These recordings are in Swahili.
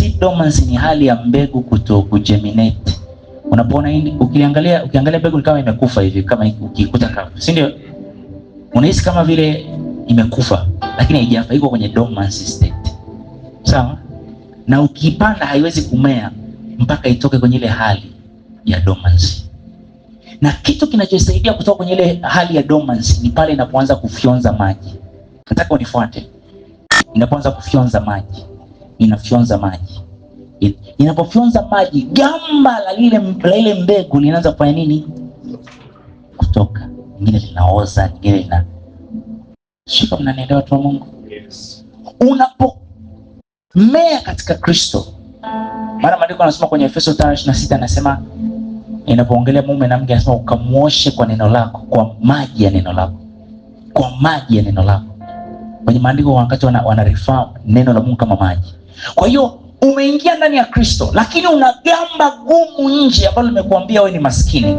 seed dormancy, ni hali ya mbegu kuto kujeminate. Unapoona hii ukiangalia, ukiangalia mbegu ni kama imekufa hivi, kama ukikuta kama si ndio? Unahisi kama vile imekufa, lakini haijafa, iko kwenye dormancy state, sawa? Na ukipanda haiwezi kumea mpaka itoke kwenye ile hali ya dormancy. Na kitu kinachosaidia kutoka kwenye ile hali ya dormancy ni pale inapoanza kufyonza maji. Nataka unifuate, inapoanza kufyonza maji inafyonza maji. Inapofyonza maji, gamba la lile la ile mbegu linaanza kufanya nini? Kutoka lingine linaoza, lingine lina shika. Mnanielewa watu wa Mungu? Yes. Unapomea katika Kristo, maana maandiko anasema kwenye Efeso 5:26 anasema inapoongelea mume na mke anasema ukamwoshe kwa neno lako, kwa maji ya neno lako, kwa maji ya neno lako. Kwenye maandiko wakati wana, wana refer neno la Mungu kama maji kwa hiyo umeingia ndani ya Kristo, lakini una gamba gumu nje ambalo limekuambia wewe ni maskini.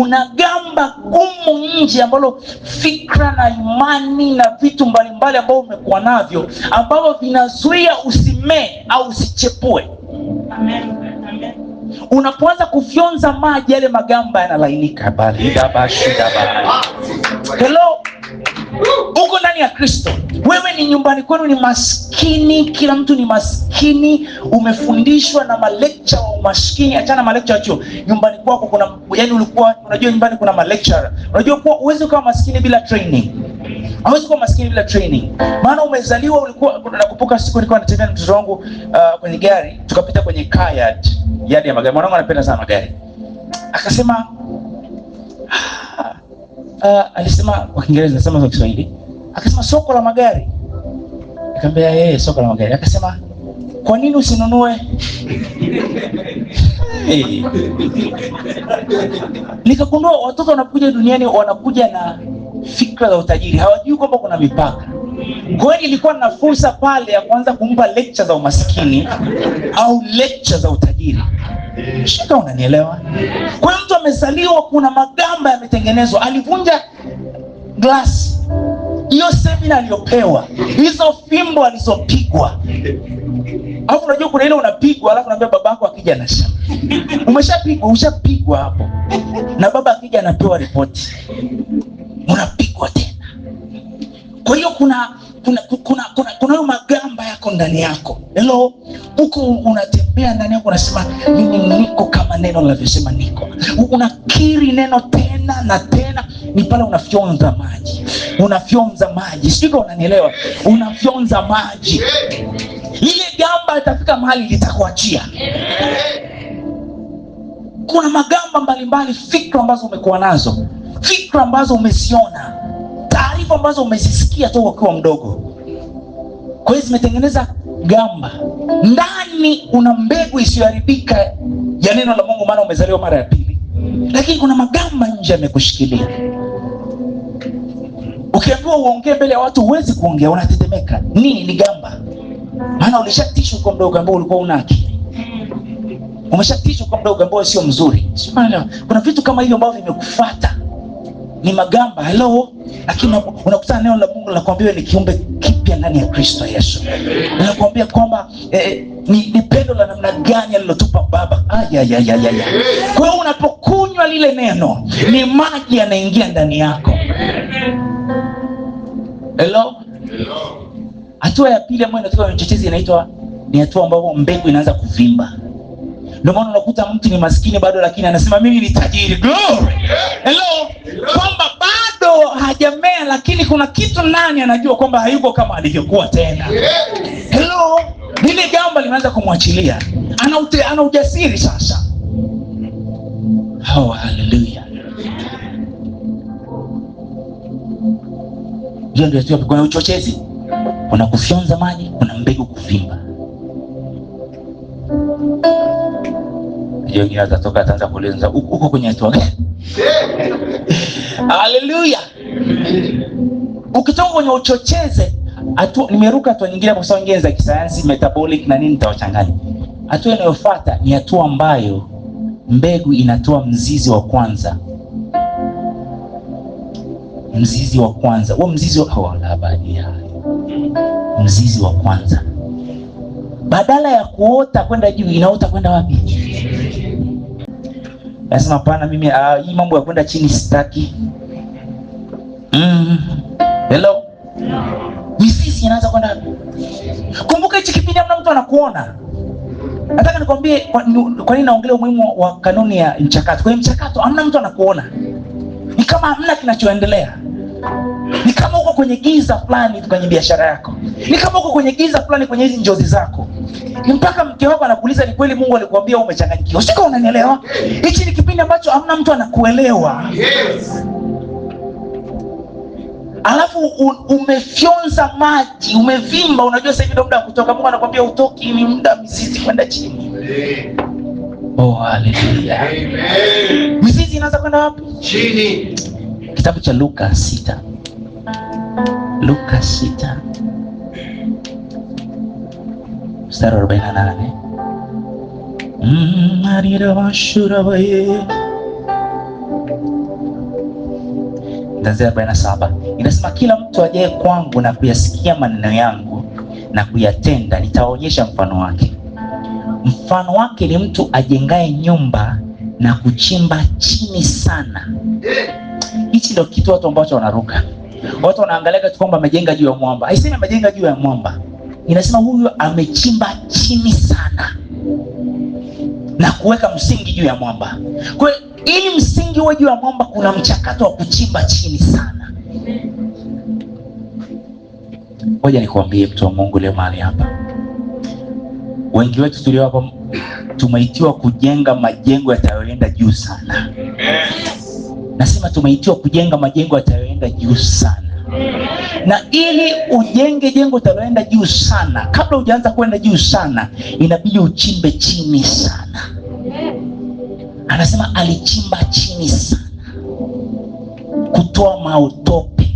Una gamba gumu nje ambalo fikra na imani na vitu mbalimbali ambavyo umekuwa navyo ambavyo vinazuia usimee au usichepue. Amen. Unapoanza kufyonza maji yale magamba yanalainika. Hello ndani ya Kristo. Wewe ni nyumbani kwenu ni maskini, kila mtu ni maskini, umefundishwa na malecture wa umaskini. Achana malecture wa chuo, nyumbani kwako kuna yani, ulikuwa unajua nyumbani kuna malecture. Unajua kuwa uwezi kuwa maskini bila training, hawezi kuwa maskini bila training, maana umezaliwa. Ulikuwa nakumbuka siku nilikuwa natembea na mtoto wangu uh, kwenye gari, tukapita kwenye car yard, yard ya magari. Mwanangu anapenda sana magari, akasema Uh, alisema kwa Kiingereza nasema kwa Kiswahili. Akasema soko la magari. Nikamwambia yeye eh, soko la magari. Akasema kwa nini usinunue? nikakundua Nikagundua watoto wanakuja duniani wanakuja na fikra za utajiri, hawajui kwamba kuna mipaka. Kwa hiyo ilikuwa na fursa pale ya kuanza kumpa lecture za umaskini au lecture za utajiri. Shika, unanielewa? Kwa hiyo mtu amezaliwa, kuna magamba yametengenezwa. Alivunja glass hiyo semina aliyopewa, hizo fimbo alizopigwa. Alafu unajua kuna ile unapigwa, alafu naambia babako akija na Umeshapigwa, ushapigwa hapo, na baba akija anapewa ripoti, unapigwa tena. Kwa hiyo kuna kuna kuna kuna kuna magamba yako ndani yako. Hello, huko unatembea ndani yako unasema mimi niko kama neno linavyosema niko. Unakiri neno tena na tena, ni pale unafyonza maji unafyonza maji, sijui kama unanielewa, unafyonza maji, ile gamba litafika mahali litakuachia. Kuna magamba mbalimbali, fikra ambazo umekuwa nazo, fikra ambazo umeziona, taarifa ambazo umezisikia toka ukiwa mdogo, kwa hiyo zimetengeneza gamba ndani. Una mbegu isiyoharibika ya neno la Mungu, maana umezaliwa mara ya pili, lakini kuna magamba nje yamekushikilia. Ukiambiwa uongee mbele ya watu huwezi kuongea, unatetemeka. Nini ni gamba? Maana ulishatishwa kwa mdogo ambao ulikuwa una akili. Umeshatishwa kwa mdogo ambao sio mzuri. Subhanallah. Kuna vitu kama hivyo ambavyo vimekufuata. Ni magamba. Hello. Lakini unakutana neno la Mungu linakwambia ni kiumbe kipya ndani ya Kristo Yesu. Linakwambia kwamba eh, eh ni, ni pendo la namna gani alilotupa Baba. Aya ya ya ya. Kwa hiyo unapokunywa lile neno, ni maji yanaingia ndani yako. Hello? Hello. Hatua ya pili ambayo inatoka kwenye uchochezi inaitwa ni hatua ambapo mbegu inaanza kuvimba. Ndio maana unakuta mtu ni maskini bado, lakini anasema mimi ni tajiri. Glory. Hello. Kwamba bado hajamea, lakini kuna kitu ndani anajua kwamba hayuko kama alivyokuwa tena. Hello. Lile gamba limeanza kumwachilia. Ana ana ujasiri sasa. Oh, hallelujah. hiyo ndio sio kwa uchochezi, kuna kufyonza maji, kuna mbegu kuvimba. Hiyo ingine atatoka ataanza kuuliza uko kwenye hatua gani? Haleluya! ukitoka kwenye uchocheze atu nimeruka hatua nyingine kwa sababu nyingine za kisayansi metabolic na nini, nitawachanganya. Hatua inayofuata ni hatua ambayo mbegu inatoa mzizi wa kwanza mzizi wa kwanza huo mzizi walabadia oh, mzizi wa kwanza badala ya kuota kwenda juu inaota kwenda wapi? Lazima pana mimi ah, hii uh, mambo ya kwenda chini sitaki. Mm. Hello. Mizizi inaanza kwenda wapi? Kumbuka hichi kipindi hamna mtu anakuona. Nataka nikwambie kwa nini naongelea umuhimu wa kanuni ya mchakato. Kwa mchakato amna mtu anakuona, ni kama amna kinachoendelea. Ni kama uko kwenye giza fulani kwenye biashara yako, ni kama uko kwenye giza fulani kwenye hizi njozi zako, ni mpaka mke wako anakuuliza, ni kweli Mungu alikuambia umechanganyikiwa? Sika, unanielewa? Hichi ni kipindi ambacho hamna mtu anakuelewa, Alafu umefyonza maji, umevimba. Unajua sasa hivi ndio muda wa kutoka. Mungu anakuambia utoki, ni muda mizizi kwenda chini. Oh, haleluya! Mizizi inaanza kwenda wapi? Chini. Kitabu cha Luka sita Luka 6 mstari wa 48, arirabashurabaye ndanzia 47, inasema kila mtu ajaye kwangu na kuyasikia maneno yangu na kuyatenda, nitaonyesha mfano wake. Mfano wake ni mtu ajengaye nyumba na kuchimba chini sana. Hichi eh? ndio kitu watu ambacho wanaruka Watu wanaangalia kwamba amejenga juu ya mwamba. Haisemi amejenga juu ya mwamba, inasema huyu amechimba chini sana na kuweka msingi juu ya mwamba. Kwa ili msingi uwe juu ya mwamba, kuna mchakato wa kuchimba chini sana. Ngoja nikuambie mtu wa Mungu, leo mahali hapa, wengi wetu tulio hapa tumeitiwa kujenga majengo yatayoenda juu sana. Amen. Nasema tumeitiwa kujenga majengo yatayoenda juu sana, na ili ujenge jengo utaloenda juu sana, kabla hujaanza kwenda juu sana, inabidi uchimbe chini sana. Anasema alichimba chini sana, kutoa mautope,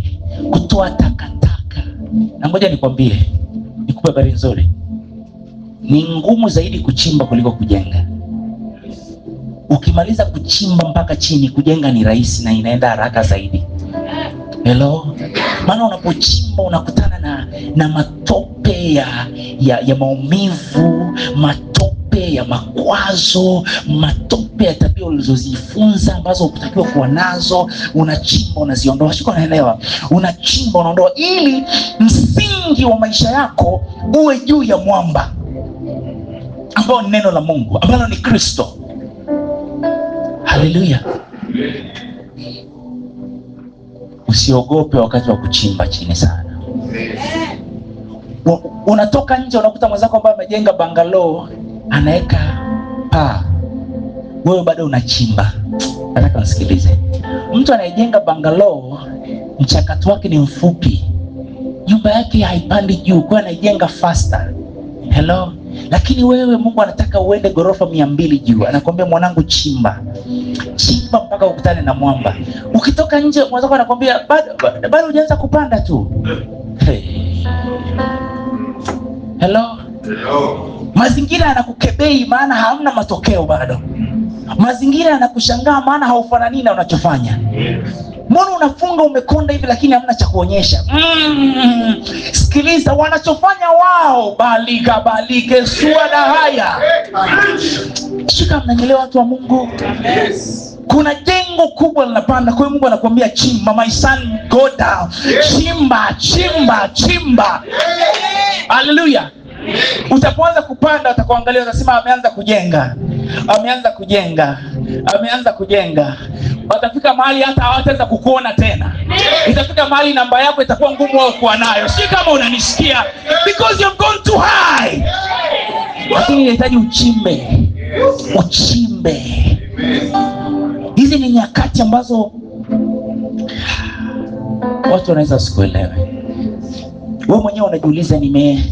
kutoa takataka. Na ngoja nikwambie, nikupe habari nzuri, ni ngumu zaidi kuchimba kuliko kujenga. Ukimaliza kuchimba mpaka chini, kujenga ni rahisi na inaenda haraka zaidi. Hello, maana unapochimba unakutana na, na matope ya, ya, ya maumivu, matope ya makwazo, matope ya tabia ulizozifunza ambazo hukutakiwa kuwa nazo. Unachimba unaziondoa, shiko, naelewa. Unachimba unaondoa, ili msingi wa maisha yako uwe juu ya mwamba ambao ni neno la Mungu ambalo ni Kristo. Haleluya! Usiogope wakati wa kuchimba chini sana. Unatoka nje unakuta mwenzako ambaye amejenga bangalo anaweka paa, wewe bado unachimba. Nataka msikilize, mtu anayejenga bangalo mchakato wake ni mfupi, nyumba yake haipandi juu, kwayo anaijenga fasta helo lakini wewe Mungu anataka uende ghorofa mia mbili juu, anakwambia mwanangu, chimba chimba mpaka ukutane na mwamba. Ukitoka nje mwenzako anakwambia bado bado hujaanza kupanda tu. Hey. Hello? Hello. Mazingira yanakukebei maana hamna matokeo bado. Mazingira yanakushangaa maana haufanani na unachofanya. Yes. Mbona unafunga umekonda hivi, lakini hamna cha kuonyesha? Mm, sikiliza wanachofanya wao, balika balike suada haya shika. Mnanyelewa watu wa Mungu? Kuna jengo kubwa linapanda. Kwa hiyo Mungu anakuambia chimba, my son go down, chimba chimba chimba. Haleluya! Utapoanza kupanda, watakuangalia, utasema ameanza kujenga, ameanza kujenga ameanza kujenga. Watafika mahali hata hawataweza kukuona tena, itafika mahali namba yako itakuwa ngumu wao kuwa nayo. Si kama unanisikia, because you've gone too high. Lakini inahitaji uchimbe, uchimbe. Hizi ni nyakati ambazo watu wanaweza sikuelewe. Wewe mwenyewe unajiuliza, nime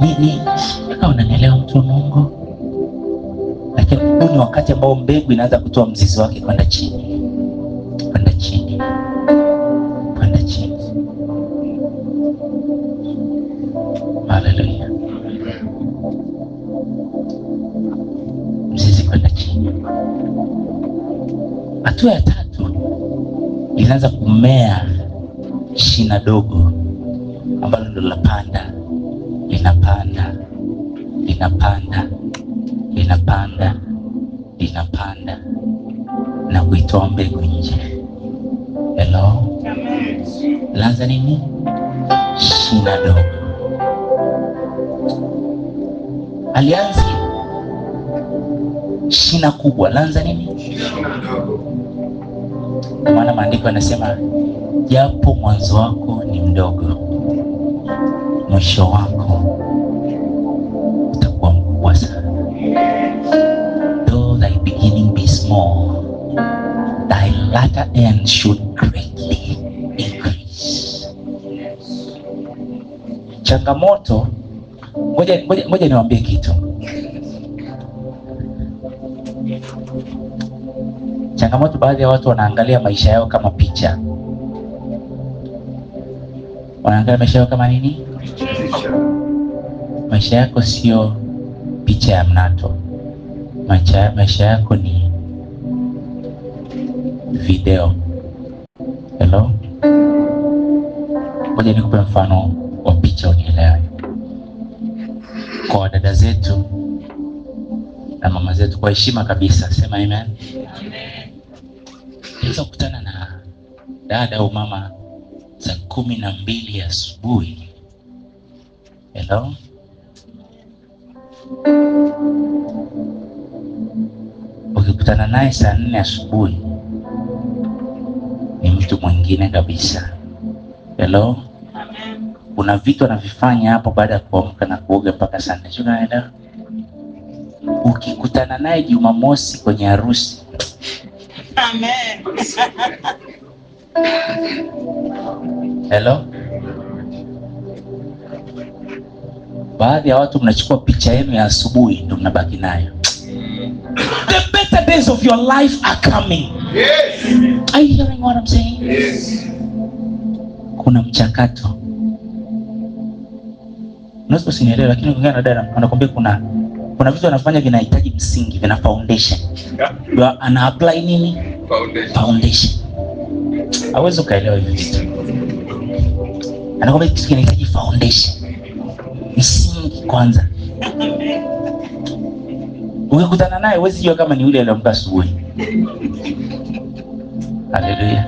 nini? Unanielewa mtu wa Mungu? lakini huu ni wakati ambao mbegu inaanza kutoa mzizi wake kwenda chini, kwenda chini, kwenda chini. Haleluya, mzizi kwenda chini. Hatua ya tatu linaanza kumea shina dogo ambalo ndo linapanda linapanda, linapanda inapanda inapanda na kuitoa mbegu nje. Hello, laza nini? Shina dogo. Alianza shina kubwa, lanza nini? Kwa maana maandiko yanasema japo mwanzo wako ni mdogo, mwisho wako latter end should greatly increase. Changamoto, ngoja niwaambie kitu. Changamoto, baadhi ya watu wanaangalia maisha yao kama picha, wanaangalia maisha yao kama nini? Maisha yako sio picha ya mnato, maisha yako ni video. Hello, moja nikupe mfano wa picha unielewe. Kwa dada zetu na mama zetu, kwa heshima kabisa, sema amen. Naweza kukutana na dada au mama saa kumi na mbili asubuhi. Hello ukikutana naye saa nne asubuhi mtu mwingine kabisa. Hello? Amen. Kuna vitu anavifanya hapo baada ya kuamka na kuoga mpaka Sio Unaenda? Ukikutana naye Jumamosi kwenye harusi. Amen. Hello? Baadhi ya watu mnachukua picha yenu ya asubuhi ndio mnabaki nayo the better days of your life are coming. Yes. Are you hearing what I'm saying? Yes. Kuna mchakato unaweza usinielewe, lakini ukiongea na dada anakwambia kuna kuna vitu anafanya vinahitaji msingi, vina foundation. Yeah. Ana apply nini? Foundation. Foundation. Hawezi kuelewa hivi vitu. Anakwambia kitu kinahitaji foundation, msingi kwanza Ukikutana naye wewe sijua kama ni yule aliamka asubuhi. Haleluya.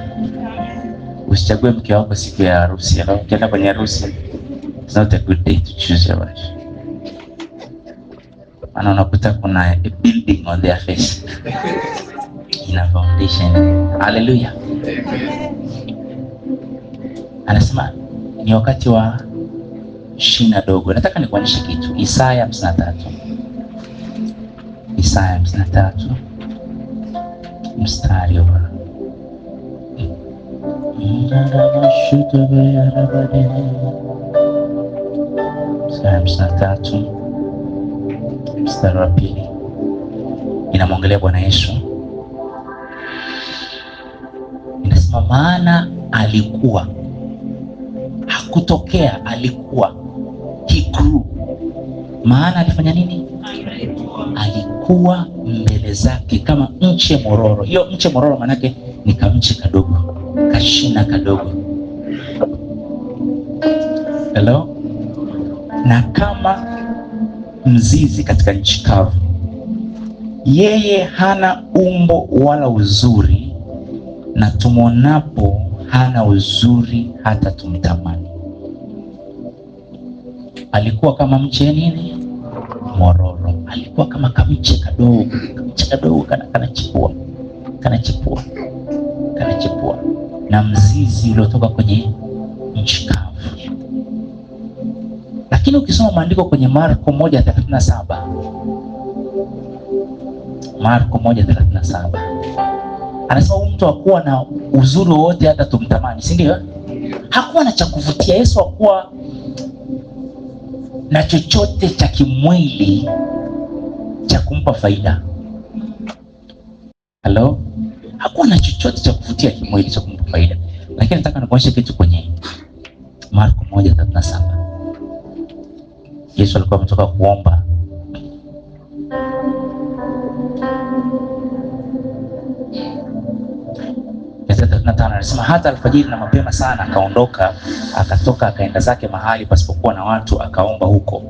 Usichague mke wako siku ya harusi. Ukienda kwenye harusi, it's not a good day to choose your wife. Ana unakuta kuna a building on their face. Ina foundation. Haleluya. Anasema ni wakati wa shina dogo. Nataka nikuonyeshe kitu. Isaya 53. Isaya hamsini na tatu mstari wa hamsini na tatu mstari wa pili inamwongelea Bwana Yesu, inasema maana alikuwa hakutokea, alikuwa he Maana alifanya nini? kuwa mbele zake kama mche mororo. Hiyo mche mororo maanake ni kamche kadogo, kashina kadogo. Hello? Na kama mzizi katika nchi kavu. Yeye hana umbo wala uzuri, na tumwonapo hana uzuri hata tumtamani. Alikuwa kama mche nini? Mororo kalikuwa kama kamche kadogo, kamche kadogo kanachipua, kanachipua, kanachipua na mzizi uliotoka kwenye nchi kavu. Lakini ukisoma maandiko kwenye Marko 1:37 Marko 1:37 anasema huyu mtu hakuwa na uzuri wowote hata tumtamani, si ndio? Hakuwa na cha kuvutia. Yesu hakuwa na chochote cha kimwili cha kumpa faida. Halo, na chochote cha kuvutia kimwili cha kumpa faida, lakini nataka nikuonyeshe kitu kwenye Marko moja thelathini saba. Yesu alikuwa ametoka kuomba anasema hata alfajiri na mapema sana akaondoka, akatoka akaenda zake mahali pasipokuwa na watu, akaomba huko.